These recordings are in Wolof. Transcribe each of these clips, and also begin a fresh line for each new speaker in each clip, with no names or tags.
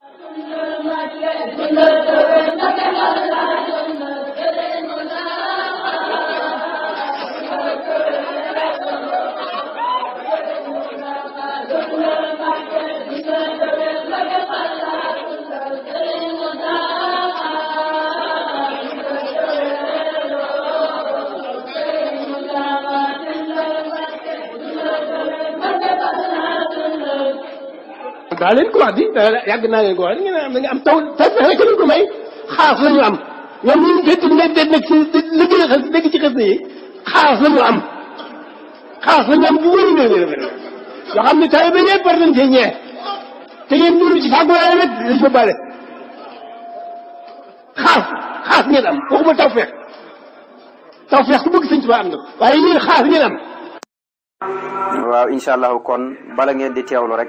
Thank you. daa leen ko naa ko wax di am taw taw rek lañ ko may xaas la ñu am ñoom ñun déet déet nag si li gën a xas ci xas na yi xaas la ñu am xaas la ñu am bu wér wér wér wér ne taw te ngeen dund ci fàggu waaye nag dañ ko bale xaas xaas ngeen am waaw incha allahu kon bala ngeen di teewlu rek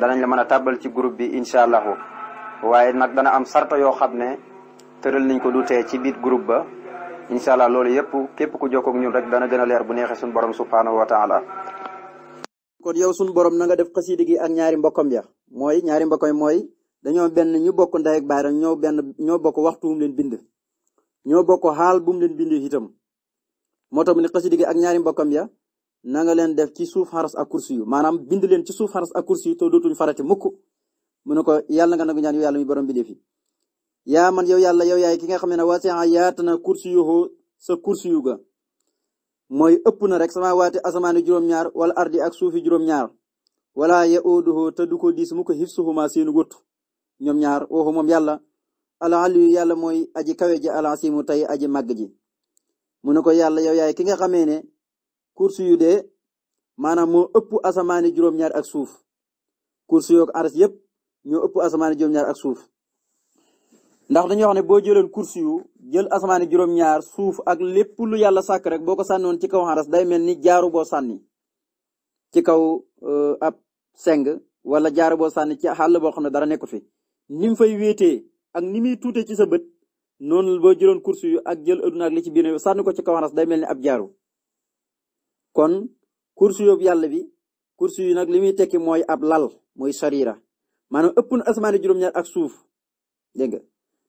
danañ la mën a tàbbal ci groupe bi incha allahu waaye nag dana am sarta yoo xam ne tëral nañ ko du tee ci biir groupe ba incha loolu yëpp képp ku jokkoo ak ñun rek dana gën a leer bu neexee suñu borom subhaanahu wa taala kon yow suñu borom na nga def xasida ak ñaari mbokkam ya mooy ñaari mbokkam mooy dañoo benn ñu bokk ndey ak baay rek ñoo benn ñoo bokk waxtu mu leen bind ñoo bokk xaal bu leen bind itam moo tax mu ne xasida ak ñaari mbokkam ya na nga leen def ci suuf xaras a kursi yu maanaam bind leen ci suuf xaras ak kursi yu te dootuñ farati mukk mu ne ko yàlla nga nangu ñaan yow yàlla mi borom bi def fi yaa man yow yàlla yow yaay ki nga xam ne wasi'a yaat na kursi yu sa kursi yu ga mooy ëpp na rek sama waati asamaani juróom-ñaar wala ardi ak suufi juróom-ñaar wala yauduhu te du ko diis mu ko hifsuhuma seenu wut ñoom ñaar waxu moom yàlla ala aliyu yàlla mooy aji kawe ji alasimu tey aji màgg ji mu ne ko yàlla ki nga xamee ne kursi yu de maanaam moo ëpp asamaani juróom-ñaar ak suuf kursi yoog aras yëpp ñoo ëpp asamaani juróom-ñaar ak suuf ndax dañuy wax ne boo jëloon kursi yu jël asamaani juróom-ñaar suuf ak lépp lu yàlla sàkk rek boo ko sànnoon ci kaw aras day mel ni jaaru boo sànni ci kaw euh, ab seng wala jaaru boo sànni ci xàll boo xam ne dara nekku fi ni fay wéetee ak ni muy tuute ci sa bët noonu boo jëloon kursi yu ak jël aduna ak li ci biir sànni ko ci kaw aras day mel ni ab jaaru kon kursi yóbbu yàlla bi kursi yu nag li muy tekki mooy ab lal mooy sarira maanaam ëpp na asmaani juróom-ñaar ak suuf dégg nga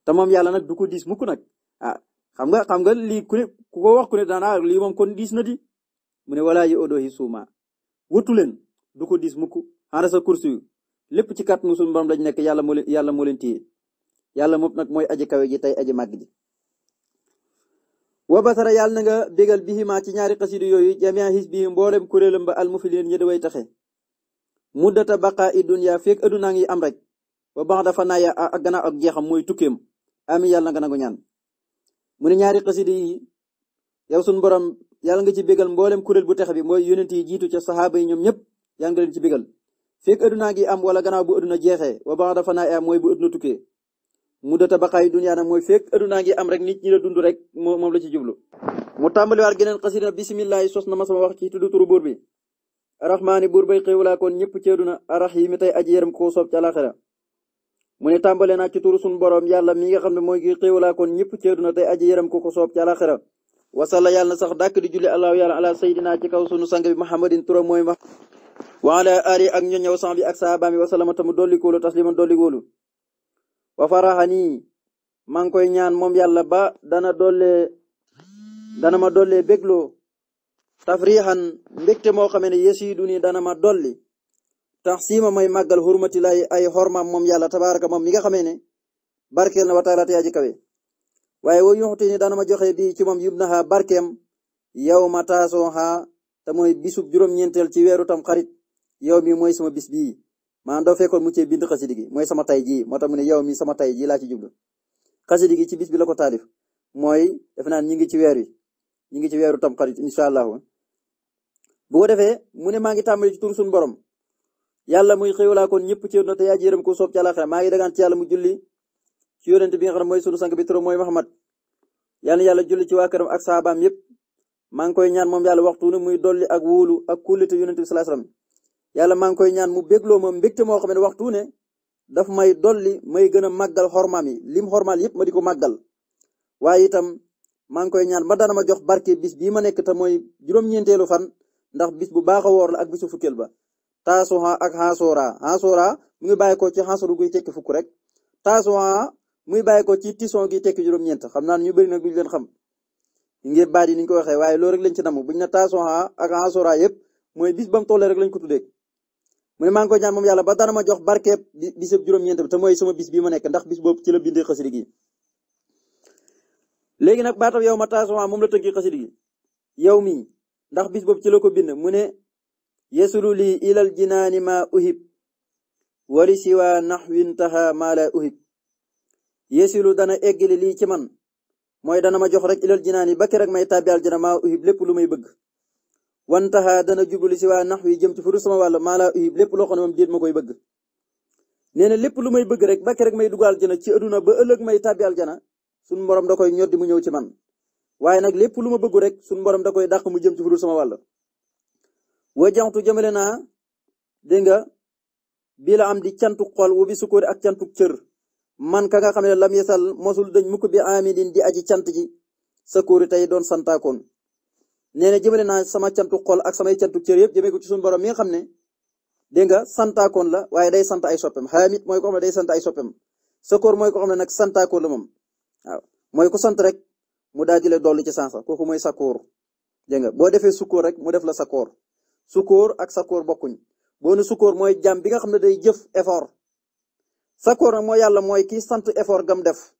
te moom yàlla nag du ko diis mukk nag ah xam nga xam nga lii ku ne ku ko wax ku ne daanaa lii moom kon diis na di mu ne walaa yi odoohi suuma wutu leen du ko mukk xanaa sa kursi yu lépp ci kàttanu suñu borom lañ nekk yàlla moo leen yàlla moo leen téye yàlla moom nag mooy aji kawe ji tey aji màgg ji wa basara yàlla na nga bégal bihima ci ñaari xasida yooyu jamia xis bii mboolem kuréelam ba almufiliin ñi daway taxe muddata baqaa i dunya feeg addunaa ngi am rek wa bax dafa naaya ak gannaaw ak jeexam mooy tukkeem amin yàlla nga nangu ñaan mu ne ñaari xasida yi yow sun borom yàlla nga ci bégal mboolem kuréel bu texe bi mooy yonent yi jiitu ca saxaaba yi ñoom ñëpp yàlla nga leen ci bégal feeg addunaa ngi am wala gannaaw bu adduna jeexee wa bax dafa naaya mooy muddata baqaayi dunyaa nag mooy fekk addunaa ngi am rek nit ñi la dund rek moom la ci jublu mu tàmbaliwaat geneen xasida bisimillahi sos na ma sama wax ci tudd turu buur bi arahmaani buur bay xéewlaa kon ñëpp ci yi arahimi tey aji yaram ko soob ci alaxira mu tàmbale naa ci turu sun borom yàlla mi nga xam ne mooy gi xéewlaa kon ñëpp ci adduna tey aji yaram ko ko soob ci alaxira wasalla yàlla na sax dàkk di julli allahu yàlla ala sayidina ci kaw sunu sang bi muhammadin turam mooy ma waala ari ak ñoñëw sang bi ak saabaam bi wasalama tamu dolli koolu tasliman dolli koolu wa faraxani maa ngi koy ñaan moom yàlla ba dana dolle dana ma dolle bégloo tafrixan mbégte moo xamee ne yesiidu ni dana ma dolli tax siima may màggal xurmati lay ay xormaam moom yàlla tabaraka moom mi nga xamee ne barkeel na wa taala te aji kawe waaye wa yuxti ni dana ma joxe bi ci moom yubnaha barkeem yow ma taasoo xa te mooy bisub juróom-ñeenteel ci weeru tam xarit yow mi moy sama bis bii maanaam doo fekkoon mu cee bind xasidi mooy sama tay jii moo tax mu ne mi sama tay ji laa ci jublu xasidi gi ci bis bi la ko taalif mooy defe naan ñi ngi ci weer wi ñi ngi ci weeru tam xarit incha allahu bu ko defee mu ne maa ngi tàmbali ci suñu borom yàlla muy xéwlaa kon ñëpp ci ko soob ci maa ngi dagaan ci yàlla mu julli ci yonent bi nga xam mooy sunu sang bi turam mooy Muhammad yàlla yàlla julli ci waa këram ak saabaam yëpp maa ngi koy ñaan moom yàlla waxtu ne muy dolli ak wóolu ak kullite yonent bi sallallahu yàlla maa ngi koy ñaan mu bégloo ma mbégte moo xam ne waxtu ne dafa may dolli may gën a màggal xormaam yi lim xormaal yëpp ma di ko màggal waaye itam maa ngi koy ñaan ba dana ma jox barke bis bii ma nekk te mooy juróom-ñeenteelu fan ndax bis bu baax a woor la ak bisu fukkeel ba taasuha ak xaasooraa xaasooraa mu ngi bàyyi ko ci xaasoru tekki fukk rek taasuha muy bàyyi ko ci tison gi tekki juróom-ñeent xam naa ñu bëri nag duñ leen xam ngir baat yi ni ñu ko waxee waaye loolu rek lañ ci namu buñ na taasuha ak xaasooraa mooy bis rek lañ ko tuddee mu ne maa ngi koy moom yàlla ba dana ma jox barkeeb bisub juróom-ñeent bi te mooy sama bis bi ma nekk ndax bis boobu ci la nag baatam yow ma taasuma moom la tënki xasida yow mii ndax bis boobu ci la ko bind mu ne yasulu lii ilal jinaani maa uhib wali siwa naxwin taxa maa la uhib yasilu dana eggali li ci man mooy dana ma jox rek ilal jinaani ba ke rek may tàbbi aljana maa uhib lépp lu may bëgg wantaxaa dana jublu si waa nax wi jëm ci furu sama wàll maa laa uhib lépp loo xam ne moom ma koy bëgg nee na lépp lu may bëgg rek bakke rek may dugg aljana ci aduna ba ëllëg may tàbbi aljana suñ borom da koy ñoddi mu ñëw ci man waaye nag lépp lu ma bëggu rek suñ borom da koy dàq mu jëm ci furu sama wàll wa jantu jëmale naa dégg nga bii la am di cantu xool wu bi sukóori ak cantu cër man ka nga xam ne lam yesal mosul dañ mukk bi amidin di aji cant ji sa kóori tey doon santaakoon nee na jëmale naa sama cantu xol ak samay cantu cër yëpp jëmee ko ci suñu mi nga xam ne dégg santaakoon la waaye day sant ay soppeem xaamit mooy ko xam ne day sant ay soppeem sakoor mooy ko xam ne nag santaakoon la moom mooy ko sant rek mu daal di la dolli ci sansa kooku mooy sakoor dégg nga boo defee sukkoor rek mu def la sakoor sukkoor ak sakoor bokkuñ boo ne sukkoor mooy jàmm bi nga xam ne day jëf effort sakoor nag mooy yàlla mooy kii sant effort gam def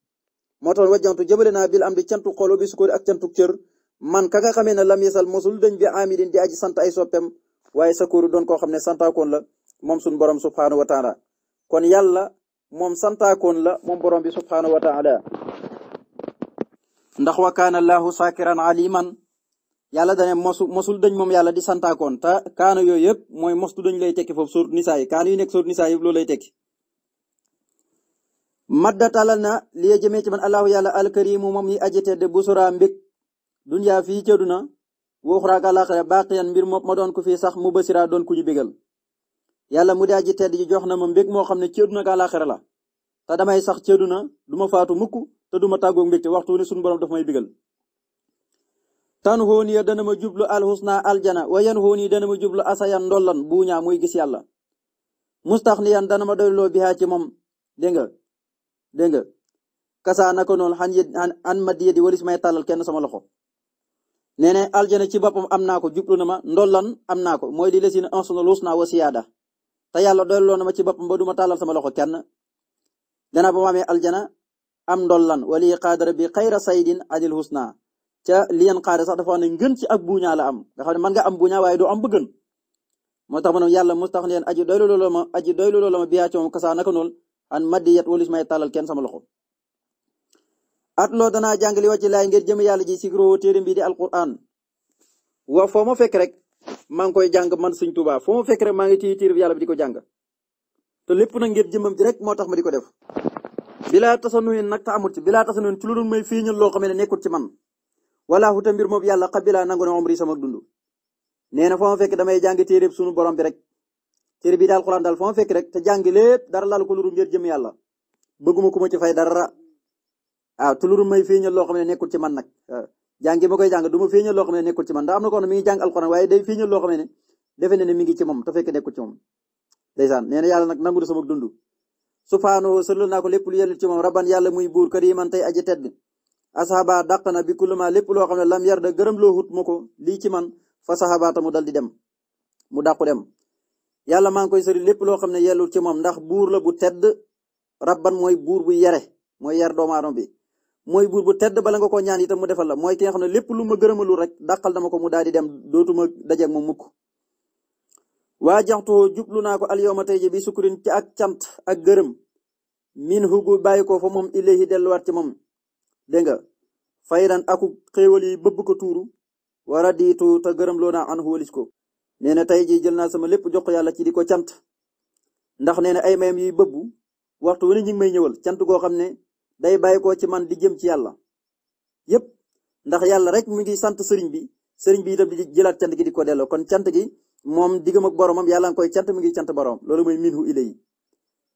moo tax wajjantu jëmale naa bil am di cantu xolo bi sukkoor ak cantu cër man ka xamee na lam mosul dañ bi amilin di aji sant ay soppeem waaye sakuru doon koo xam ne santaakoon la moom suñu borom subhaanahu wa taala kon yàlla moom santaakoon la moom borom bi subhaanahu wa taala ndax wa kaana allahu sakiran aliman yàlla dane mosu mosul dañ moom yàlla di santaakoon ta kaana yooyu yëpp mooy mostu dañ lay tekki foofu suur nisaa yi kaana yu nekk suur nisaa yëpp loolu lay tekki madda talal na li jëmee ci man allahu yàlla alkarimu moom yi aji tedd bu sura mbég dunyaa fii ci àdduna waxuraak àllaaxira yan mbir moom ma doon ko fii sax mu basiraa doon ku ñu bégal yàlla mu daa ji tedd ji jox na ma mbég moo xam ne ci àdduna ak la te damay sax ci àdduna du ma faatu mukk te du ma tàggoog mbégte waxtu ne suñu borom daf may bégal tan xoon dana ma jublu alxusna aljana wa yan xoon yi dana ma jublu asayan ndollan buuñaa muy gis yàlla mustax ni yan dana ma doyloo bihaa ci moom dégg nga dégg naka noonu xan an ma di tàllal kenn sama loxo nee ne aljana ci boppam am naa ko jublu na ma ndollan am naa ko mooy li la si ne ansuna luus naa wa siyaada te yàlla na ma ci boppam ba du ma tàllal sama loxo kenn gannaaw ba ma amee aljana am ndollan wali qaadara bi xayra saydin adil husna ca liyan xaare sax dafa wax ne ngën ci ak buña la am nga xam ne mën am buña waaye doo am bëggën moo tax ma ne yàlla mustax leen aji doylu loolu ma aji doylu loolu ma biyaa ci moom kasaa naka noonu an maddi yat tàllal kenn sama loxo at loo danaa jàng li wàcc laay ngir jëm yàlla ji sikroo téere bi di alquran wa foo ma fekk rek maa ngi koy jàng man suñ Tuubaa foo ma fekk rek maa ngi ciy téere bi yàlla bi di ko jàng te lépp nag ngir jëmmam ji rek moo tax ma di ko def. bilaa tasanuyin nag te amul ci ta tasanuyin ci lu dul may fiiñal loo xam ne nekkul ci man wala xuta mbir moom yàlla xabilaa nangu na omri sama dund. nee na o ma fekk damay jàng téere sunu borom bi rek téere bi di alquran daal fekk rek te jàng lépp dara ko lu ngir jëm yàlla bëgguma ku ma ci fay dara waaw ah, te loolu may feeñal loo xam ne nekkul ci man nag ah, jàngi ma koy jàng du ma feeñal loo xam ne nekkul ci man ndax am na ko mi ngi jàng alxuraan waaye day feeñal loo xam defe na ne mi ngi ci moom te fekk nekkul ci moom ndeysaan nee na yàlla nag nangu sama dund subhaanahu sëlal naa ko lépp lu yellu ci moom rabban yàlla muy buur kariman tey aji tedd asxaaba dàq na bi kulluma lépp loo xam ne lam yarda gërëm loo hut ma ko lii ci man fa saxabaata mu dal di dem mu dàqu dem yàlla maa ngi koy sori lépp loo xam ne yellul ci moom ndax buur la bu tedd rabban mooy buur bu yare mooy yar doomu aadama bi mooy buur bu tedd bala nga koo ñaan itam mu defal la mooy ki nga lépp lu ma gërëmalul rek dàqal dama ko mu daal di dem dootuma dajeeg moom mukk waa jaxtu jublu naa ko alyoma tey ji bi sukkurin ci ak camt ak gërëm min hugu bàyyi ko fa moom ilayhi delluwaat ci moom dégg nga fayran aku xéewal yi bëbb ko tuuru wara diitu te gërëm loo naa an xóolis ko nee na tey ji jël naa sama lépp jox ko yàlla ci di ko cant ndax nee na ay mayam yuy bëbb waxtu wu ne ñu ngi may ñëwal cant goo xam ne day bàyyi ko ci man di jëm ci yàlla yëpp ndax yàlla rek mu ngi sant sëriñ bi sëriñ bi itam di jëlaat cant gi di ko delloo kon cant gi moom diggam ak boromam yàlla nga koy cant mi ngi cant borom loolu mooy minhu ilay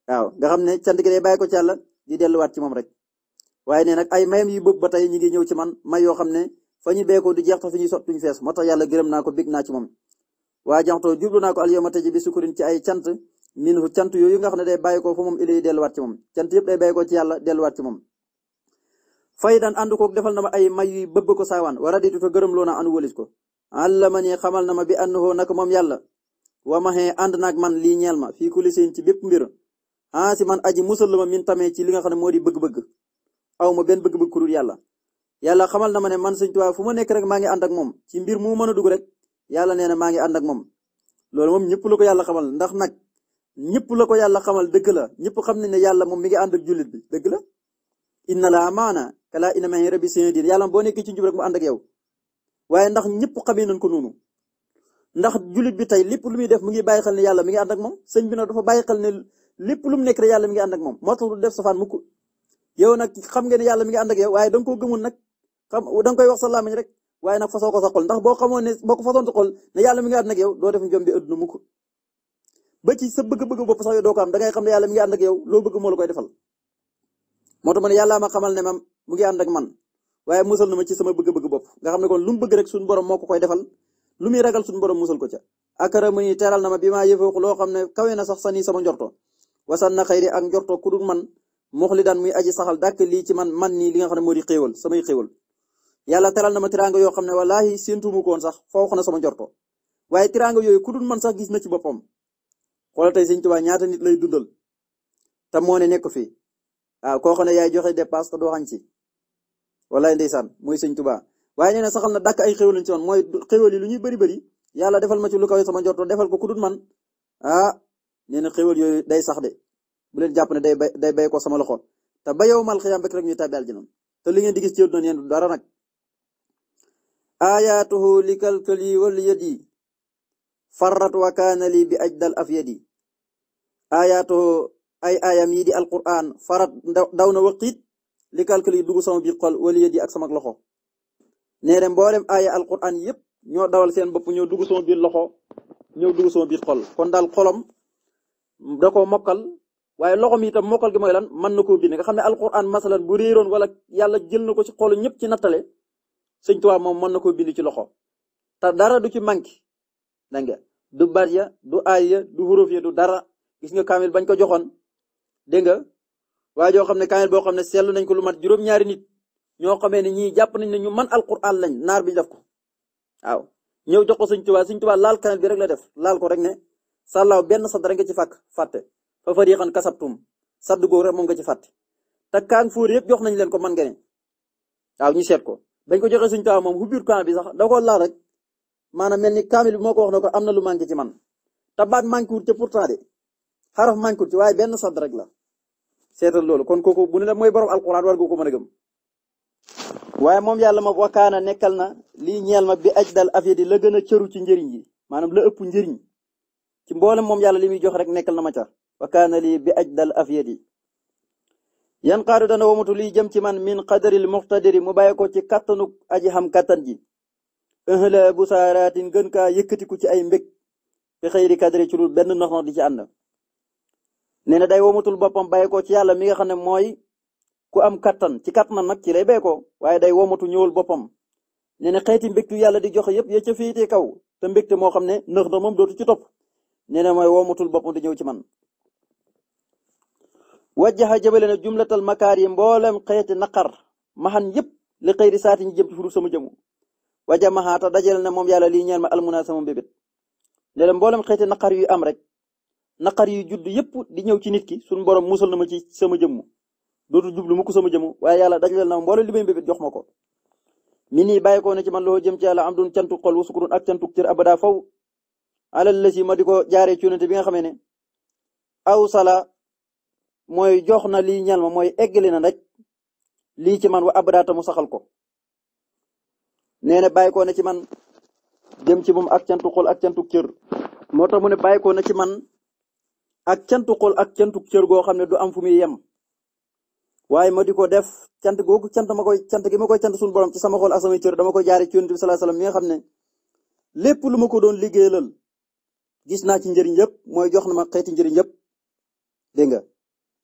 waaw nga xam ne cant gi day ko ci yàlla di delluwaat ci moom rek waaye nee nag ay mayam yi bëpp ba tey ñu ngi ñëw ci man may yoo xam ne fa ñu bee di du jeex te fi ñuy sot duñu fees moo tax yàlla gërëm naa ko bég naa ci moom waa jaxtoo jublu naa ko al yawma taji bi sukurin ci ay cant minhu cant yooyu nga xam ne day bàyyi ko fa moom ilay delluwaat ci moom cant yëpp day bàyyi ko ci yàlla delluwaat ci moom faydan ànd koog defal na ma ay may yuy bëbb ko saawaan wara ditu te gërëm loo na anu wëlis ko àllama ni xamal na ma bi annahu nag moom yàlla wa maxee ànd naag man lii ñeel ma fii kulli seen ci bépp mbir ah si man aji musal la ma min tamee ci li nga xam ne moo di bëgg-bëgg aw ma benn bëgg-bëgg ku yàlla yàlla xamal na ma ne man sëñ Tuubaa fu ma nekk rek maa ngi ànd moom ci mbir mu mën a rek yàlla nee na maa ngi ànd ak moom loolu ndax nag ñëpp la ko yàlla xamal dëgg la ñëpp xam nañ ne yàlla moom mi ngi ànd ak jullit bi dëgg la inna la amaana kala inna ma'i rabbi sayadin yàlla boo nekkee ci njub rek mu ànd ak ndax ñëpp xamee nañ ko noonu ndax jullit bi tey lépp lu muy def mu ngi bàyyi xel ne yàlla mi ngi ànd ak moom sëñ dafa bàyyi xel ne lépp lu mu nekk rek yàlla mi ngi ànd ak moom moo tax du def safaan mukk yow nag xam nga ne yàlla mi ngi ànd ak yow waaye da nga koo gëmul nag xam da koy wax rek waaye nag fasoo ko ndax boo xamoon ne boo ko fasoon sa xol ne yàlla mi ngi ànd ak yow doo def njom bi adduna mukk ba ci sa bëgg-bëgg bopp sax yow doo ko xam ne yàlla mi an ànd ak yow loo bëgg moo la koy defal moo tax ma ne ma xamal ne ma mu ngi ànd ak man waaye musal na ma ci sama bëgg-bëgg bopp nga xam ne kon lu mu bëgg rek suñu borom moo ko koy defal lu muy ragal suñu borom musal ko ca akaramani teral na ma bi maa yëfoox loo xam ne kawe na sax ni sama njorto wasan na xëyri ak njorto ku dul man moxli daan muy aji saxal dàkk lii ci man man nii li nga xam ne moo di xéewal samay xéewal yàlla teral na ma tiraanga yoo xam ne wallaahi séentumu koon sax foox na sama njorto waaye tiraanga yooyu ku man sax gis na ci boppam xoolal tey sëñ Tuubaa ñaata nit lay dundal te moo ne nekk fii a ah, ko xam ne yaay joxe dépasse te doo xañ si wallaay ndeysaan mooy sëñ Tuubaa waaye nee na saxal na dàkk ay xéwal lañ ci woon mooy xéwal yi lu ñuy bëri bëri yàlla defal ma ci lu kawe sama njortoo defal ko ku dul man ah nee na xéwal yooyu day sax de bu leen jàpp ne day bay day bay ko sama loxo te ba yow mal xiyaam rek ñuy tàbbi aljana te li ngeen di gis ci àddina yéen du dara nag. likal kali wal yadi farrat wa kaana lii bi ajdal afyadi ayato ay ayam yii di alquran farat daw na waqiit li calcul yi dugg sama biir xol wala yëdi ak sama loxo nee na mboolem aaya alquran yëpp ñoo dawal seen bopp ñoo dugg sama biir loxo ñëw dugg sama biir xol kon daal xolam da koo mokkal waaye loxo mi itam mokkal gi mooy lan mën na koo bind nga xam ne alquran masalan bu réeroon wala yàlla jël na ko ci xolu ñëpp ci nattale sëñ Tuubaa moom mën na koo bind ci loxo te dara du dégg nga du baat ya du aay ya du xuruf ya du dara gis ga kaamil bañ ko joxoon dégg nga waaye joo xam ne kaamil boo xam ne seetlu nañ ko lu mat juróom-ñaari nit ñoo xamee ne ñii jàpp nañ ne ñu man alquran lañ naar bi def ko waaw ñëw jox ko Sëñ Tuubaa Sëñ Tuubaa laal kaamil bi rek la def laal ko rek ne sàllaaw benn sadd rek nga ci fàkk fàtte fa fariqan kasabtum sad googu rek moom nga ci fàtte te kaan fuur yëpp jox nañ leen ko man nga ne waaw ñu seet ko bañ ko joxee Sëñ Tuubaa moom hubbiir kaamil bi sax da ko laal maanaam mel ni kaamil bi moo ko wax na ko am na lu manqué ci man ta baat manqué wut te pourtant de xaraf manqué wut ci waaye benn sant rek la seetal loolu kon kooku bu la mooy borom alquran war nga ko mën a gëm. waaye moom yàlla ma wakaana nekkal na lii ñeel ma bi ajdal afyadi la gën a cëru ci njëriñ yi maanaam la ëpp njëriñ ci mboolem moom yàlla li muy jox rek nekkal na ma ca wakaana lii bi ajdal afyadi yan xaaru dana wamatu li jëm ci man min qadaril muqtadiri mu bàyyi ci kattanu aji xam kattan ji. ëxla bu saaraatin gën kaa yëkkatiku ci ay mbég fi xëyri ci lu benn nox nox di ci ànd nee na day womatul boppam bàyyi ko ci yàlla mi nga xam ne mooy ku am kattan ci kattan nag ci lay bàyyi ko waaye day womatu ñëwal boppam nee na xeeti mbégtu yàlla di joxe yëpp ya ca féete kaw te mbégte moo xam ne nëx na moom dootu ci topp nee na mooy womatul boppam di ñëw ci man wajjaxa jëbale na jumlatal makaar yi mboolem xeeti naqar maxan yëpp li xëyri saati ñu jëm ci furu sama jëmu wa jamaxaata dajal na moom yàlla lii ñeel ma almunaa sama mbébét léeg-léeg mboolem xeeti naqar yu am rek naqar yu judd yëpp di ñëw ci nit ki sun borom musal na ma ci sama jëmm dootul jublu mu ko sama jëmm waaye yàlla dajal na mboolem li may mbébét jox ma ko. mi nii bàyyi ko ci man loo jëm ci yàlla am dun cantu xol wu sukurun ak cantu cër abada faw alal la si ma di ko jaaree ci yonente bi nga xamee ne aw sala mooy jox na lii ñeel ma mooy eggale na rek lii ci man wa abadaata mu saxal ko. nee na bàyyi na ci man jëm ci moom ak cantu xol ak cantu moo tax mu ne bàyyi koo na ci man ak cantu xol ak cantu goo xam ne du am fu muy yem waaye ma di ko def cant googu cant ma koy cant ma koy cant suñu borom ci sama xol ak samay cër dama koy jaare ci yonent bi sallallahu alayhi wasallam xam ne lépp lu ma ko doon liggéeyalal gis naa ci njëriñ yëpp mooy jox na ma xeeti njëriñ yëpp dégg nga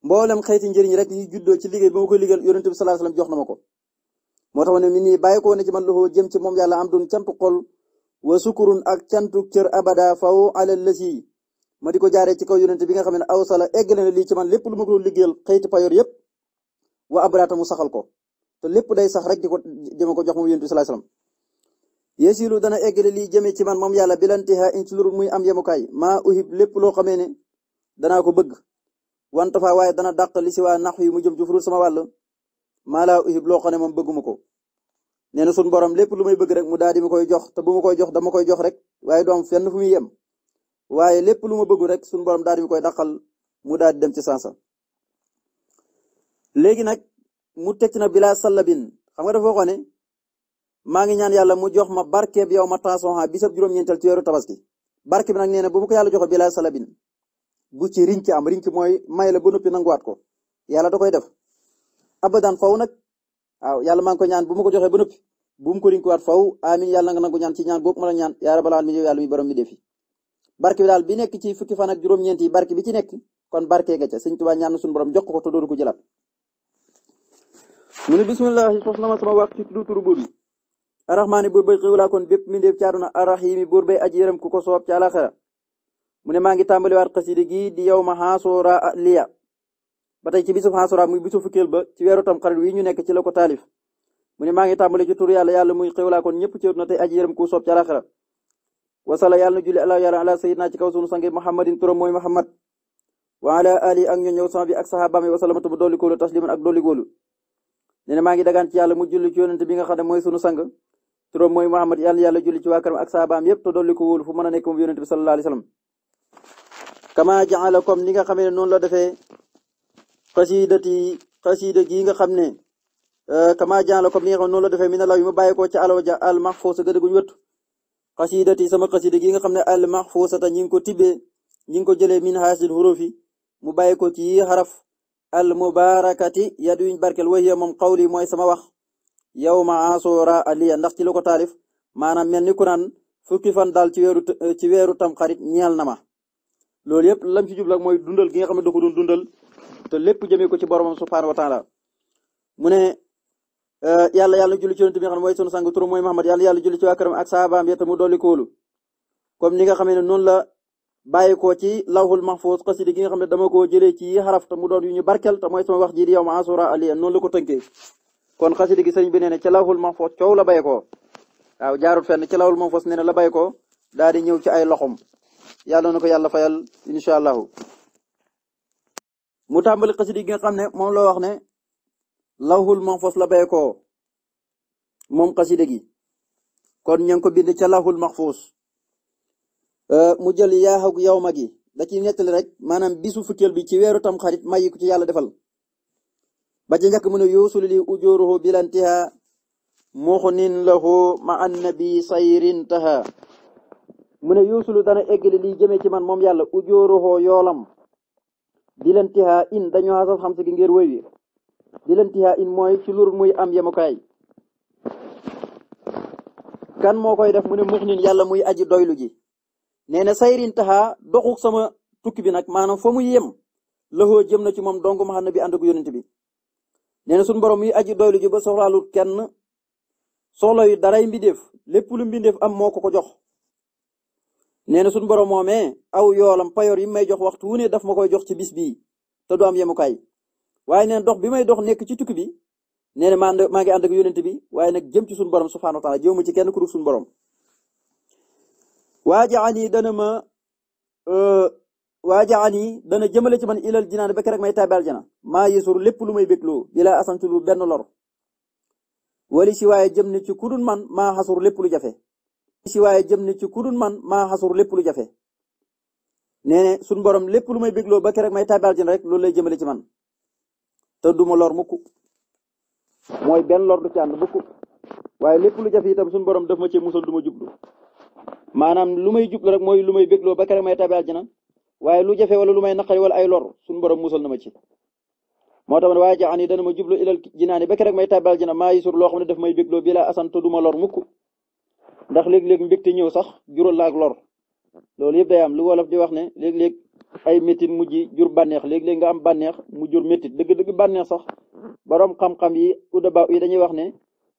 mboolem xeeti njëriñ rek yi juddoo ci liggéey bi ma koy liggéeyal yonent jox na ma ko. moo tax ne mi nii bàyyi ko ne ci man loxo jëm ci moom yàlla am dun cantu xol wa sukurun ak cantu cër abada faw alal lasi ma di ko jaaree ci kaw yonente bi nga xam ne aw sala egg na lii ci man lépp lu ma ko doon liggéeyal xëyti payoor yëpp wa abraata mu saxal ko te lépp day sax rek di ko ko jox moom yonente bi sallallahu alayhi dana eggale lii jëmee ci man moom yàlla bilantiha in ci lurul muy am yemukaay ma uhib lépp loo xamee ne danaa ko bëgg wanta faa waaye dana dàq si waa nax yi mu jëm ci furul sama wàll maalaa uhib loo xam ne moom bëgguma ko nee na suñu borom lépp lu may bëgg rek mu daal di ma koy jox te bu ma koy jox dama koy jox rek waaye doom fenn fu muy yem waaye lépp lu ma bëgg rek suñu borom daal di ma koy daqal mu daal di dem ci sansa léegi nag mu tecc na bilaa sallabin xam nga dafa waxoon ne maa ngi ñaan yàlla mu jox ma barkeeb yow ma taasoo bisab juróom-ñeentel ci weeru tabaski barke bi nag nee na bu ma ko yàlla joxee bilaa sallabin bu ci riñ ci am riñ ci mooy may la ba noppi nanguwaat ko yàlla da koy def abadan faw nag waaw yàlla maa ngi ko ñaan bu ma ko joxe ba noppi bu mu ko rinkuwaat faw amin yàlla nga nangu ñaan ci ñaan googu ma la ñaan yaa rabbal alamin yow yàlla mi borom mi defi barke bi daal bi nekk ci fukki fan ak juróom-ñeent yi bi ci nekk kon barke nga ca sëñ Tuubaa ñaan suñu borom jox ko te dootu ko jëlaat mu na ma sama wax ci tudd turu buur bi arrahmaani buur bay xéewlaa kon bépp mi ndéef ci àdduna arrahimi buur bay aji yërëm ku ko soob ci àlaxira mu ne maa ngi tàmbaliwaat xasida gi di yow ma xaasoora liya ba tey ci bisu xasura muy bisu fukkeel ba ci weeru tam xarit wi nekk ci la taalif mu ne maa ngi tàmbali ci tur yàlla yàlla muy xewlaa kon ci na ci alaxira wasala yàlla julli wa ala ali ak saxaabaam yi wasalama tubu dolli góolu tasliman ak dolli góolu maa ngi dagaan ci yàlla mu julli ci yonente bi nga xam ne mooy sunu sang turam mooy muhammad yàlla yàlla julli ci waa ak saxaabaam yépp te dolli fu mën a nekk moom yonente bi sallallahu la xasiidati xasiida gii nga xam ne euh, kama jaan la comme ni nga xam noonu la defee mi na law yi ma bàyyi ko ca alaw ja al maxfuusa gëdë guñ wëttu xasiidati sama xasiida gii nga xam ne al maxfuusata ñi ngi ko tibbee ñi ngi ko jëlee min haasil hurufi mu bàyyi ko ci yii xaraf al mubaarakati yadu yuñ barkel wahiya moom qawli mooy sama wax yow ma a aliya ndax ci la ko taalif maanaam mel ni ku naan fukki fan daal ci weeru ci weeru tam xarit ñeel na ma loolu yëpp lam ci jublu mooy dundal gi nga xam ne da ko doon dundal te lépp jëmee ko ci boromam subhaanahu wa taala mu ne euh, yàlla yàlla julli ci yonent bi nga xam ne mooy yàlla yàlla julli ci waa këram ak saabaam yetta mu dolli koolu comme ni xamee ne noonu la bàyyi ko ci lawhul mahfuz xasidi gi nga xam ne dama koo jëlee ci yi ta te mu doon yu ñu barkel te mooy sama wax ji di ma asura aliya noonu la ko tënkee kon xasidi gi sëriñ bi nee na ci lawhul mahfuz coow la bàyyi ko waaw jaarut fenn ci lawhul mahfuz nee na la bàyyi ko daal ñëw ci ay loxom yàlla na ko yàlla fayal incha allahu mu tàmbali xasida gi nga xam ne moom la wax ne lawhul maxfuus la bay koo moom xasida kon ña ngi ko bind ca lawhul maxfuus mu jël yaaxag yow ma gi da ciy nettali rek maanaam bisu fukkeel bi ci weeru tam xarit mayi ci yàlla defal ba ci njëkk mu ne yuusul li ujuruhu bilantiha muxnin lahu ma annabi sayrin taha mu ne yuusulu dana eggali lii jëmee ci man moom yàlla ujuruhu yoolam bilantihaa in dañoo xasaf xam si gi ngir woy wi bilantihaa in mooy ci lur muy am yemukaay kan moo koy def mu ne muxnin yàlla muy aji doylu ji nee na sayrin taxaa doxuk sama tukki bi nag maanaam fa muy yem loxoo jëm na ci moom dong ma bi ànd ak yonent bi nee na suñu borom muy aji doylu ji ba soxlaalut kenn soxla yu daray mbindeef lépp lu mbindeef am moo ko ko jox nee na suñu borom moomee aw yoolam payoor yi may jox waxtu wu ne daf ma koy jox ci bis bii te du am yemukaay waaye nee dox bi may dox nekk ci tukki bi nee na maa maa ngi yonent bi waaye nag jëm ci suñu borom subhaanahu wa taala jëmu ci kenn ku dul suñu borom. waa jaani dana ma euh, waa jaani dana jëmale ci man ilal jinaan bekk rek may tàbbi aljana maa yësuru lépp lu may bégloo bila asantu lu benn lor wali waaye jëm ne ci ku man maa xasuru lépp lu jafe. si waaye jëm ni ci ku man maa xasur lépp lu jafe nee ne suñ borom lépp lu may bégloo ba rek may tabal jina rek loolu lay jëmale ci man te duma lor mukk mooy benn lor du ci ànd mukk waaye lépp lu jafe itam suñ borom def ma cee musal du ma jublu maanaam lu may jublu rek mooy lu may bégloo ba rek may tàbbi aljana waaye lu jafe wala lu may naqari wala ay lor suñ borom musal na ma ci moo tax man waaye jaan yi dana ma jublu ilal jinaani ba rek may tàbbi loo xam ne daf may bégloo bi la asan te duma lor ndax léeg-léeg mbégte ñëw sax jural la ak lor loolu yëpp day am lu wolof di wax ne léeg-léeg ay métit mujj jur bànneex léeg-léeg nga am banneex mu jur métit dëgg-dëgg bànneex sax boroom xam-xam yi udaba yi dañuy wax ne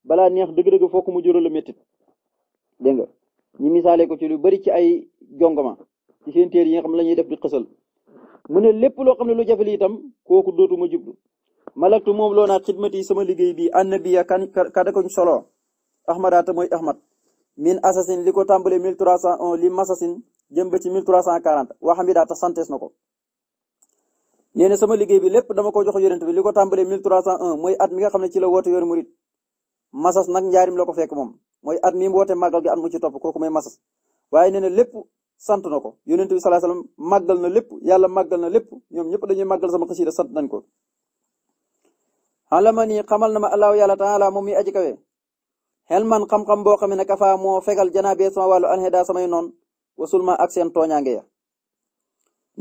balaa neex dëgg-dëgg fokk mu jural la métit dégg nga ñu misaale ko ci lu bari ci ay jongoma ci seen téer yi nga xam lañuy def di xësal mu ne lépp loo xam ne lu jafe li itam kooku dootuma ma malaktu moom loo naa xidmati sama liggéey bi annabiya kan kada ko solo ahmadaata mooy ahmad min assasine li ko tàmbalee 1301 li massasine jëm ba ci 1340 waxam yi daal ta santees na ko nee sama liggéey bi lépp dama ko jox yonent bi li ko tàmbalee 1301 mooy at mi nga xam ne ci la woote yoon murit masas nag njaarim la ko fekk moom mooy at mi mu woote màggal gi at mu ci topp kooku mooy masas waaye nee na lépp sant na ko yonent bi sallallahu alayhi wasallam màggal na lépp yàlla màggal na lépp ñoom ñëpp dañuy màggal sama xasida sant nañ ko alamani xamal na ma yàlla taala moom mi aji xel man xam-xam boo xam ne kafa moo fegal janaabe sama wàllu anheda samay noon wasul ma ak seen tooñaange ya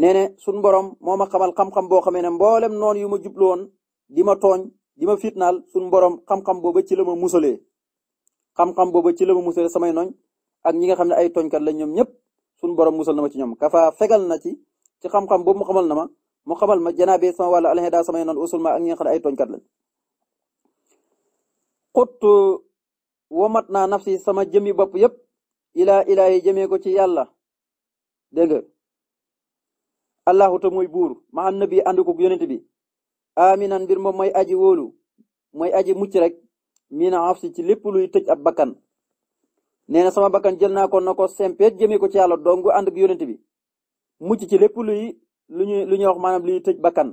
nee ne sunu borom moo ma xamal xam-xam boo xam ne mboolem noon yu ma jublu woon di ma tooñ di ma fitnaal sunu borom xam-xam booba ci la ma musalee xam-xam ci la ma musalee samay noon ak ñi xam ne ay tooñkat la ñoom ñëpp sunu borom musal na ma ci ñoom kafa fegal na ci ci xam-xam boobu mu xamal na ma mu xamal ma janaabe sama wàllu anheda samay noon wasul ma ak ñi nga xam ne ay tooñkat lañ. wo womat naa si sama jëmi bopp yépp ilaa ilaa yi jëmee ko ci yàlla dégg nga allahu ta buur ma an nabi ànd ko yonent bi aminan mbir moom mooy aji wóolu mooy aji mucc rek mina si ci lépp luy tëj ab bakkan nee na sama bakkan jël naa ko na ko sempeet jëmee ko ci yàlla dong ànd ak yonent bi mucc ci lépp luy lu ñuy lu ñuy wax maanaam luy tëj bakkan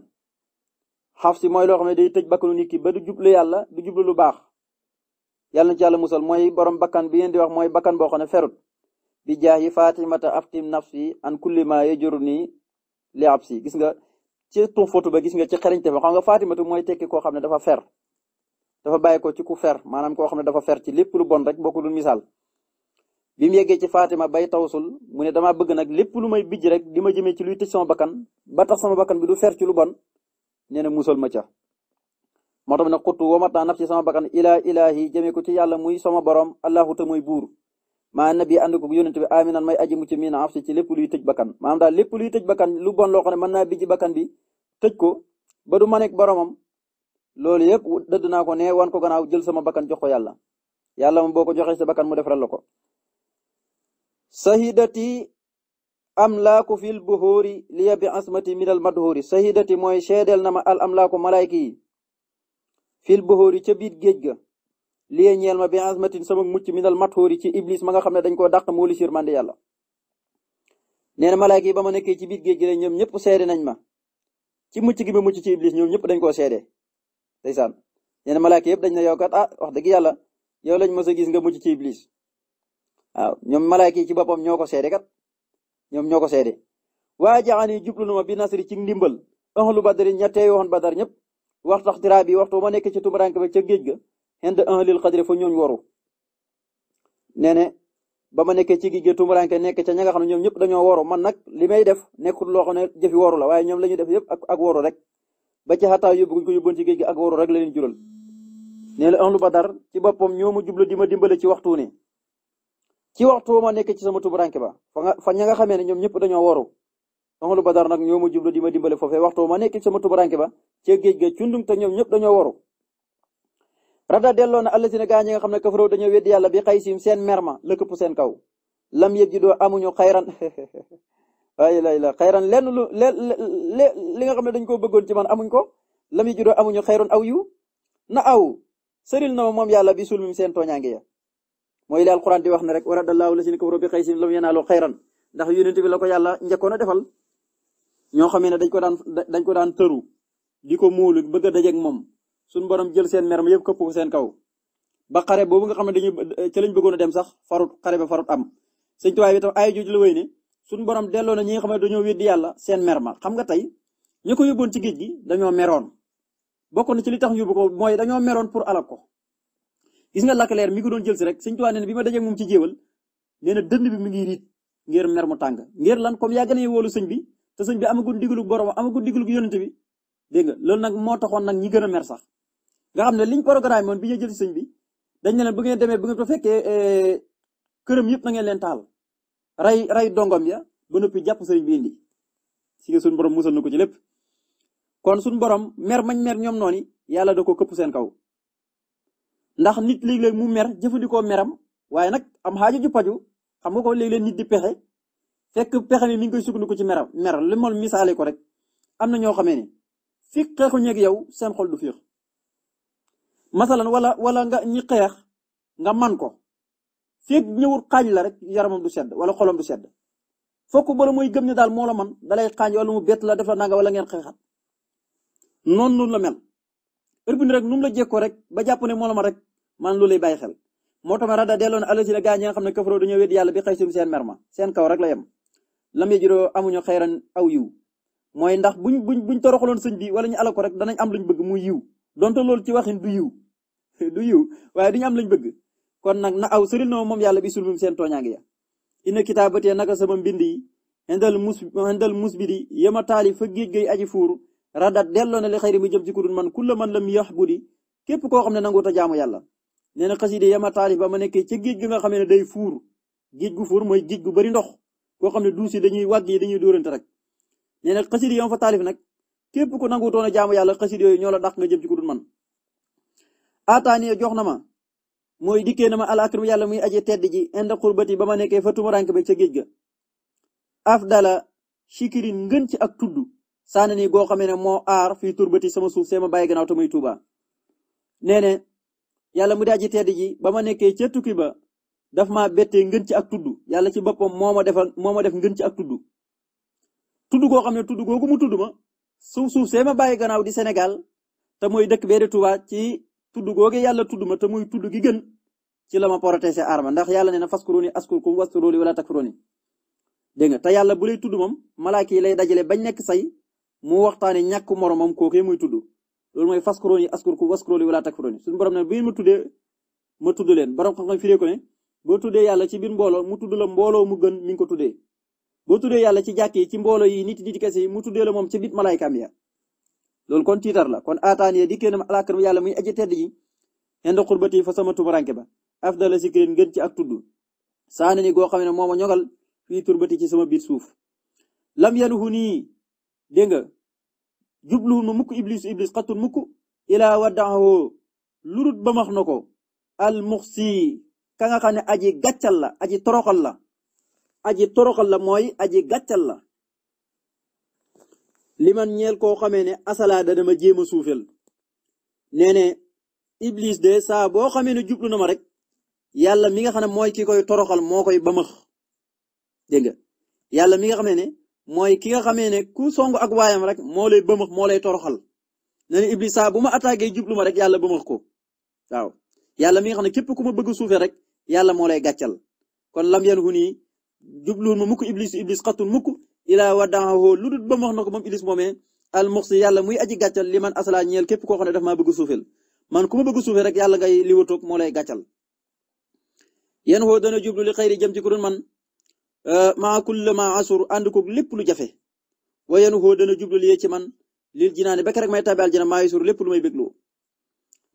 xaf si mooy loo xam day tëj bakkanu nit ki ba du jublu yàlla du jublu lu baax yàlla na ci yàlla musal mooy borom bakkan bi ngeen di wax mooy bakkan boo xam ne ferut bi jaahi fatimata aftim nafsi an kulli ma yajuruni li absi gis nga ci tuufatu ba gis nga ci xeriñte ba xam nga fatimatu mooy tekki koo xam ne dafa fer dafa bàyyi ko ci ku fer manaam koo xam ne dafa fer ci lépp lu bon rek boo ko dul misaal bi mu yeggee ci Fatima bay tawsul mu ne dama bëgg nag lépp lu may bijj rek di ma jëmee ci luy tëj sama bakkan ba tax sama bakkan bi du fer ci lu bon ma ca moo tax ne xuttu womat naa naf ci sama bakkan ilaa ilaahi ko ci yàlla muy sama borom allahu te muy buur maa nabi ànd ko yónent bi aminan may aji mucc miin af si ci lépp luy tëj bakkan maanaam daal lépp luy tëj bakkan lu bon loo xam ne mën naa bijji bi tëj ko ba du ma nekk boromam loolu yëpp naa ko ne wan ko gannaaw jël sama bakkan jox ko yàlla yàlla moom boo ko joxee sa bakkan mu defaral la ko sahidati amlaaku fil buhuri liya bi asmati minal madhuri sahidati mooy seedeel na ma al amlaaku malaayka yi fil buhóori ca biir géej ga lii ñeel ma bi azmatin sama mucc minal mathóori ci iblis ma nga xam ne dañ ko dàq moo li sirmandi yàlla nee na malaaka yi ba ma nekkee ci biir géej gi ñoom ñëpp seede nañ ma ci mucc gi ma mucc ci iblis ñoom ñëpp dañ koo seede ndeysaan nee na malaaka yëpp dañ ne yow kat ah wax dëgg yàlla yow lañ mës a gis nga mucc ci iblis waaw ñoom malaaka yi ci boppam ñoo ko seede kat ñoom ñoo ko seede waa jaxani jublu na ma bi nasri ci ndimbal ahlu badari ña teewoon badar ñëpp waxtu xtiraa bi waxtu ma nekk ci tumurank ba ca géej ga xend ahlil xadri fa ñooñ waru nee ne ba ma nekkee ci géej ga tumuranke nekk ca ña nga xam ne ñoom ñëpp dañoo waru man nag li may def nekkul loo xam ne jëfi waru la waaye ñoom la ñuy def yëpp ak ak waru rek ba ci xataa yóbbu guñ ko yóbboon ci géej ga ak waru rek la leen jural nee na ba badar ci boppam ñoo ma jublu di ma dimbale ci waxtu ne ci waxtu ma nekk ci sama tumuranke ba fa ña nga xamee ne ñoom ñëpp dañoo waru ahlu badar nag ñoo ma jublo di ma dimbale foofee waxtu ma nekk sama tubaranke ba ca géej ga cundum te ñoom ñëpp dañoo waru rada delloo na allasina gaa ñi nga xam ne kafaroo dañoo weddi yàlla bi xay sim seen merma la këpp seen kaw lam yëb ji doo amuñu xayran waaye lay la xayran lenn lu li nga xam ne dañ koo bëggoon ci man amuñ ko lam yëb ji doo amuñu xayran aw yu na aw sëril na ma moom yàlla bi sulmim seen tooñaange ya mooy li alquran di wax ne rek wa rada allahu allasina kafaroo bi xay sim lam yanaaloo xayran ndax yonent bi la ko yàlla njëkkoon a defal ñoo xamee ne dañ ko daan dañ ko daan tëru di ko muulu bëgg a moom suñu borom jël seen meram yëpp këpp ko seen kaw ba xare boobu nga xam ne dañu ca lañ a dem sax farut xare ba farut am sëñ tubaay bi tam ay jooju la wéy ne suñu borom delloo na ñi nga xam ne dañoo weddi yàlla seen meer ma xam nga tey ñu ko yóbboon ci géej gi dañoo meroon bokkoon na ci li tax ñu yóbbu ko mooy dañoo meroon pour alal ko gis nga lakk leer mi ko doon jël si rek sëñ tubaay nee na bi ma dajeeg moom ci jéewal nee na dënd bi ngi riit ngir mu tàng ngir lan comme yàgg nañu wóolu sëñ bi te bi bi amagul diglu borom amagul diglu yonent bi dégg nga loolu nag moo taxoon nag ñi gën a mer sax nga xam ne liñ programme moom bi ñu jël ci sëñ bi dañ ne leen bu ngeen demee bu ngeen ko fekkee euh, yëpp na leen taal ray ray dongom ya ba noppi jàpp sëriñ bi indi si nga borom musal na ko ci lépp kon suñu borom mer mañ mer ñoom noonu yàlla da ko këpp seen kaw ndax nit léeg-léeg mu meer jëfandikoo meeram waaye nag am xaaju ju paju xam nga ko léeg-léeg nit di pexe fekk pexe mi mi ngi koy sukkandiku ci meram mer li ma misaale ko rek am na ñoo xamee ne fi xeexu ak yow seen xol du fiix masalan wala wala nga ñi xeex nga man ko fekk ñëwul xaañ la rek yaramam du sedd wala xolam du sedd fokk bala mooy gëm ne daal moo la man dalay xaañ wala mu bett la def la nanga wala ngeen xeexat noonu noonu la mel heure rek nu la jekko rek ba jàpp ne moo la rek man lu lay bàyyi xel moo tax ma rada delloo na xam ne yàlla bi xëy sum seen mer ma seen kaw rek la yem lam yajuroo amuñu xayran aw yiw mooy ndax buñ buñ buñ toroxaloon sëñ bi wala ñu alal ko rek dana am luñ bëgg muy yiw donte loolu ci waxin du yiw du yiw waaye duñu am lañ bëgg kon nag na aw sëril na moom yàlla bi sulmum seen tooñaange ya ina kitaabatee naka sama mbind yi indal mus indal mus bi di yema taali fa géej gay aji fuur radat delloo na li xayri mu jëm ci kudul man kulla man lam yax budi képp koo xam ne nanguta jaamu yàlla nee na xaside yema taali ba ma nekkee ca géej gi nga xam ne day fuur géej gu fuur mooy géej gu bari ndox koo xam ne duus yi dañuy wàgg yi dañuy dóorante rek nee na xasida yi fa taalif nag képp ko nanguutoon a jaamu yàlla xasida yooyu ñoo la dàq nga jëm ci ku dul man aataani jox na ma mooy dikkee na ma al akram yàlla muy aje tedd ji inda xurbati ba ma nekkee fa tumarank ba ca géej ga afdala shikirin ngën ci ak tudd saana ni goo xamee ne moo aar fii turbati sama suuf see ma bàyyi gannaaw te muy tuuba nee yàlla mu di aji tedd ji ba ma nekkee ca tukki ba dafa ma bettee ngën ci ak tudd yàlla ci boppam moo ma defal moo ma def ngën ci ak tudd tudd goo xam ne tudd googu mu tudd ma suuf suuf see ma bàyyi ganaaw di senegal te mooy dëkk bee di Touba ci tudd googu yàlla tudd ma te muy tudd gi gën ci la ma protégé arma ndax yàlla nee na faskuruni askurkum waskuruni wala takfuruni dégg nga te yàlla bu lay tudd moom lay dajale bañ nekk say mu waxtaane ñàkk moromam kooku muy tudd loolu mooy faskuruni askurkum waskuruni wala takfuruni suñu borom ne bu ma tuddee ma tudd leen borom xam-xam firee ko ne boo tuddee yàlla ci biir mbooloo mu tudd la mbooloo mu gën mi ngi ko tuddee boo tuddee yàlla ci jàkk ci mbooloo yi nit di kese mu tuddee la moom ci bit malaaykaam ya loolu kon tiitar la kon aataan ya dikkee na ma alaakar yàlla muy aji tedd yi inda xurbati fa sama tumuranke ba afdala sikrin ngën ci ak tudd saana ni goo xam ne mooma ñogal fii turbati ci sama biir suuf lam yanhu nii dégg nga jubluwul ma mukk iblis iblis xattun mukk ilaa waddaahu lurut ba max na ko al muxsi ka nga xam ne aji gàccal la aji toroxal la aji toroxal la mooy aji gàccal la li man ñeel koo xamee ne asala da dama jéem a suufel nee ne iblis de saa boo xamee ne jublu na ma rek yàlla mi nga xam ne mooy ki koy toroxal moo koy bamax dégg nga yàlla mi nga xamee ne mooy ki nga xamee ne ku song ak waayam rek moo lay bamax moo lay toroxal nee ne iblis saa bu ma attaqué jublu ma rek yàlla bamax ko waaw yàlla mi nga xam ne képp ku ma bëgg suufee rek yàlla moo lay gàccal kon lam yan hu nii jubluun ma mukk iblis iblis xattun mukk ilaa wadaahu lu dul ba mu wax na ko moom iblis moomee al muxsi yàlla muy aji gàccal li man asala ñeel képp koo xam ne daf bëgg suufel man ku ma bëgg suufel rek yàlla ngay li watoog moo lay gàccal yan hoo dana jublu li xayri jëm ci ku doon man euh, maa kulla maa asur ànd koog lépp lu jafe wa yen hoo dana jublu li ci man lil jinaani bekk rek may tabi aljana maa lépp lu may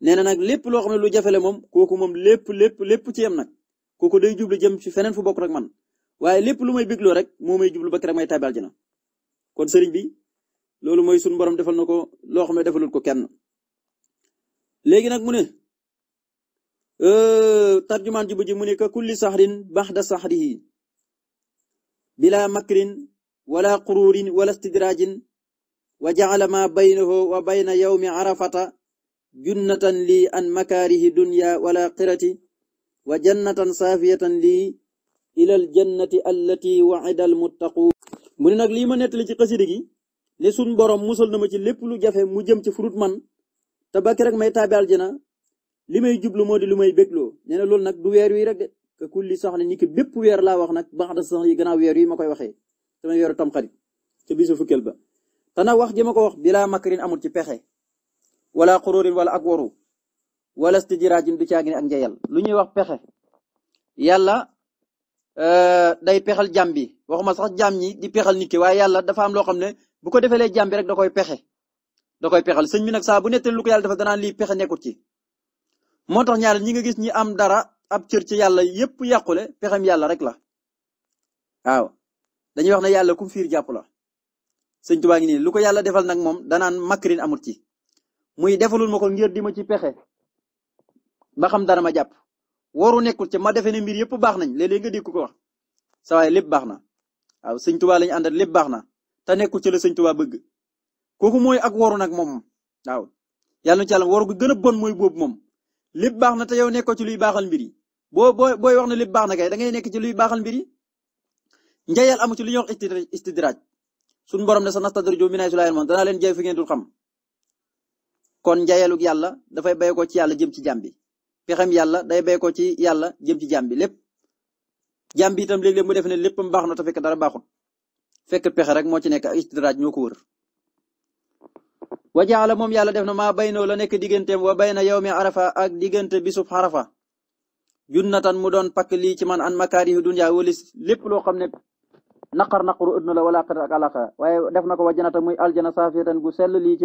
nee na nag lépp loo xam ne lu jafele moom kooku moom lépp lépp lépp ci yem nag kooku day jublu jëm ci feneen fu bokk rek man waaye lépp lu may bégloo rek moo may jublu ba rek may tàbbi kon sëriñ bi loolu mooy suñu borom defal na ko loo xam ne defalul ko kenn léegi nag mu ne tarjumaan ji bu ji mu ne ka kulli da baxda saxrihi bila makrin wala qururin wala istidrajin wa jaala ma baynahu wa bayna yawmi arafata junnatan lii an makaarihi dunya wal aaxirati wa jannatan saafiyatan li ilal jannati allati wa'ida al muttaquun mu ne nag lii ma nettali ci xasida gi ne suñ borom musal na ma ci lépp lu jafe mu jëm ci furut man te ba rek may tàbbi aljana li may jublu moo di lu may bégloo nee na loolu nag du weer wi rek de te kulli sax ni bépp weer laa wax nag baax da sax yi gannaaw weer wi ma koy waxee sama weeru tamxarit ca bisu fukkeel ba te wax ji ko wax bila makarin amul ci pexe. wala xururin wala ak waru wala stijiraajin du caagin ak njeyal lu ñuy wax pexe yàlla euh, day pexal jàmm bi waxuma sax jàmm ñi di pexal nit ki waaye yàlla dafa am loo xam ne bu ko defalee jàmm rek da koy pexe da koy pexal sëñ bi nag saa bu nettali luko ko yàlla dafa danaan lii pexe nekkut ci moo tax ñaar ñi nga gis ñi am dara ab cër ci yàlla yépp yàqule pexem yàlla rek la waaw dañuy wax ne yàlla kum fiir jàpp la sëñ Tuubaa ngi lu ko yàlla defal nag moom danaan makrin amut ci muy defalul ma ko ngir di ma ci pexe ba xam dara ma jàpp waru nekkul ci ma defee ne mbir yëpp baax nañ léeg nga dégg ko wax sa waay lépp baax na waaw sëñ Tuubaa lañu àndal lépp baax na te nekkul ci la sëñ Tuubaa bëgg kooku mooy ak waru nag moom waaw yàlla na ci yàlla gu gën a bon mooy boobu moom lépp baax na te yow nekkoo ci luy baaxal mbir yi boo boo booy wax ne lépp baax na kay da ngay nekk ci luy baaxal mbir yi njëyal amu ci lu ñuy wax istidraaj suñu borom ne sa nastadrijuhum min haysu laa ya'lamuun danaa leen jëy ngeen dul xam kon njaayalug yàlla dafay bay ci yàlla jëm ci jàmm bi pexem yàlla day bay ci yàlla jëm ci jàmm bi lépp jàmm bi itam mu def ne lépp mbaax na te fekk dara baaxut fekk pexe rek moo ci nekk ak istidraaj ñoo ko wër. wa jaala moom yàlla def na maa baynoo la nekk digganteem wa bayna yawmi arafa ak diggante bisub arafa junnatan mu doon pakk lii ci man an makaarihi dunya walis lépp loo xam ne naqar naqaru ëdduna la wala ak alaxira waaye def na ko wa janata muy aljana saafiyatan gu sell lii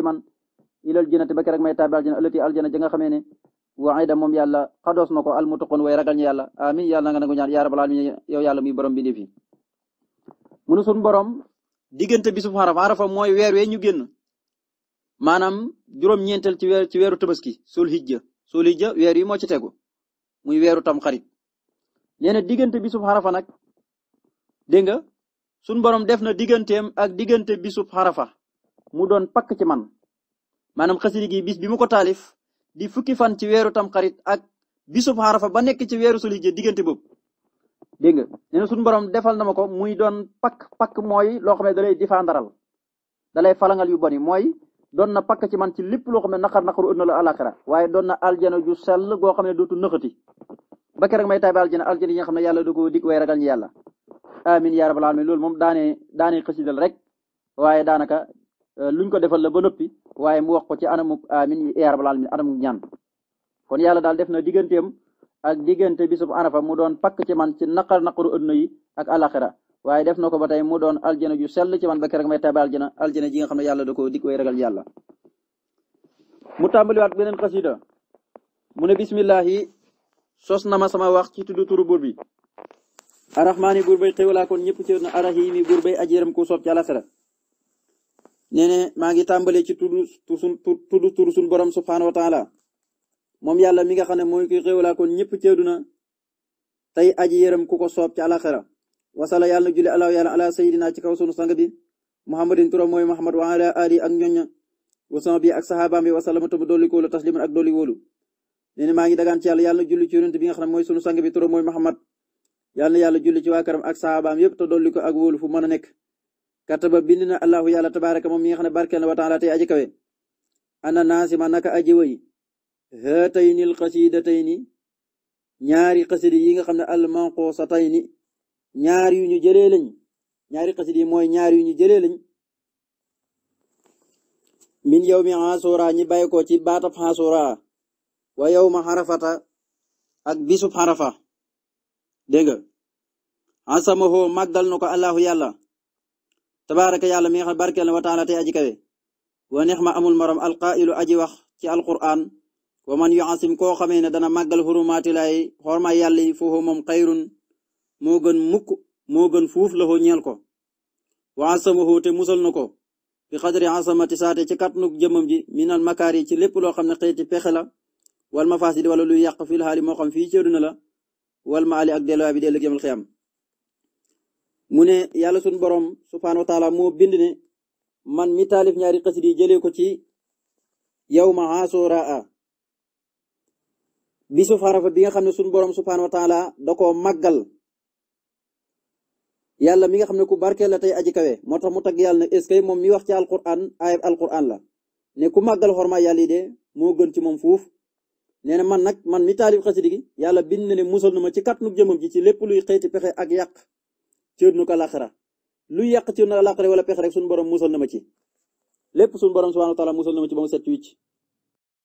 ilal jannati ba keroog may tàbbi aljana ëllëti aljana ja nga xamee ne waida moom yàlla xadoos na ko almutaqoon way ragal ñu yàlla amin yàlla nga nangu ñaan yaa rabbal alamin yow yàlla muy borom bi def yi munu sun borom diggante bi suuf arafa arafa mooy weer wee ñu génn maanaam juróom-ñeenteel ci weer ci weeru tabaski sul hijja sul hijja weer yi moo ci tegu muy weeru tam xarit nee na diggante bi suuf arafa nag dégg nga sun borom def na digganteem ak diggante bi suuf arafa mu doon pakk ci man maanaam xasida gi bis bi mu ko taalif di fukki fan ci weeru tamxarit ak bisub xarafa ba nekk ci weeru sulhijja diggante boobu dégg nga nee na suñu borom defal na ma ko muy doon pakk pak mooy loo xam ne da lay difandaral da lay falangal yu bari mooy doon na pakk ci man ci lépp loo xam ne naqar naqaru ëdduna la alaxira waaye doon na aljana ju sell goo xam ne dootu nëxati ba keroog may tàbbi aljana aljana yi nga xam ne yàlla du ko dig way ragal ñi yàlla amin yaa rabbal alamin loolu moom daane daane xasidal rek Euh, luñ ko defal la ba noppi waaye mu wax ko ci anamu amin yaa rabbal alamin anamu ñaan kon yàlla daal def na digganteem ak diggante bisub arafa mu doon pakk ci man ci naqar naqaru yi ak alaxira waaye def na ko ba tey mu doon aljana ju sell ci man ba keroog may tabe aljana aljana ji nga xam ne yàlla da koo dik way ragal yàlla tàmbaliwaat beneen xasida mu ne bismillahi sos na ma sama wax ci tuddu turu buur bi arrahmaani buur bay xéwalaa kon ñëpp ci na arahimi buur bay ajiram ku ci alaxira nee ne maa ngi tàmbalee ci tudd tudd tudd suñu borom subhaanahu wa taala moom yàlla mi nga xam ne mooy ki xéewalaa kon ñëpp ci àddina tey aji yërëm ku ko soob ci alaxira wasala yàlla na julli alaaw yàlla ala sayidina ci kaw sunu sang bi muhammadin turam mooy muhammad wa ala ali ak ñoña wasama bi ak saxaabaam bi wasalama tam dolli ko wóolu tasliman ak dolli wóolu nee ne maa ngi dagaan ci yàlla yàlla julli ci yonent bi nga xam ne mooy sunu sang bi turam mooy muhammad yàlla yàlla julli ci waa këram ak saxaabaam yëpp te dolli ko ak fu mën a nekk kataba bind na allahu yàlla tabaaraka moom mi nga xam ne barkeel na wa taala tey aji kawe ana naasima naka aji way haataynil xasidatayni ñaari xasida yi nga xam ne almanqoosatayni ñaar yu ñu jëlee lañ ñaari xasida yi mooy ñaar yu ñu jëlee lañ min yow mi xaasura ñi bàyyi ko ci baatab xaasura wa yow ma xarafata ak bisub xarafa dégg nga asamaho màggal na ko allahu yàlla tabaaraka yàlla mi nga xam barkeel na wa taala tey aji kawe wa neex ma amul morom alqaa'ilu aji wax ci alqur'aan wa man yuasim koo xamee ne dana màggal xurumaati laay xorma yàlla yi foofu moom xayrun moo gën mukk moo gën fuuf la xoo ñeel ko wa asamahu te musal na ko bi xadri asamati saate ci katnuk jëmam ji minal makaar yi ci lépp loo xam ne xeeti pexe la wal mafasid wala luy yàq fil xaali moo xam fii cëru na la wal maali ak delluwaay bi dellu jëmal am mu ne yàlla sunu borom subhaanahu wa moo bind ne man mi taalif ñaari xasida yi jëlee ko ci yow ma asooraa bisu xarafa bi nga xam ne sunu borom subhaanahu wa taala da koo màggal yàlla mi nga xam ne ku barke la tey aji kawe moo tax mu tagg yàlla ne est moom mi wax ci alquran ayib alquran la ne ku màggal xorma yàlla yi de moo gën ci moom fuuf nee na man nag man mi taalif xasida gi yàlla bind na ne musal na ma ci kàttanu jëmam ji ci lépp luy xeeti pexe ak yàq. cërnu ka laaxira lu yàq cërnu ko laaxira wala pexe rek suñu borom musal na ma ci lépp suñu borom subhanahu wa taala na ma ci ba mu set wicc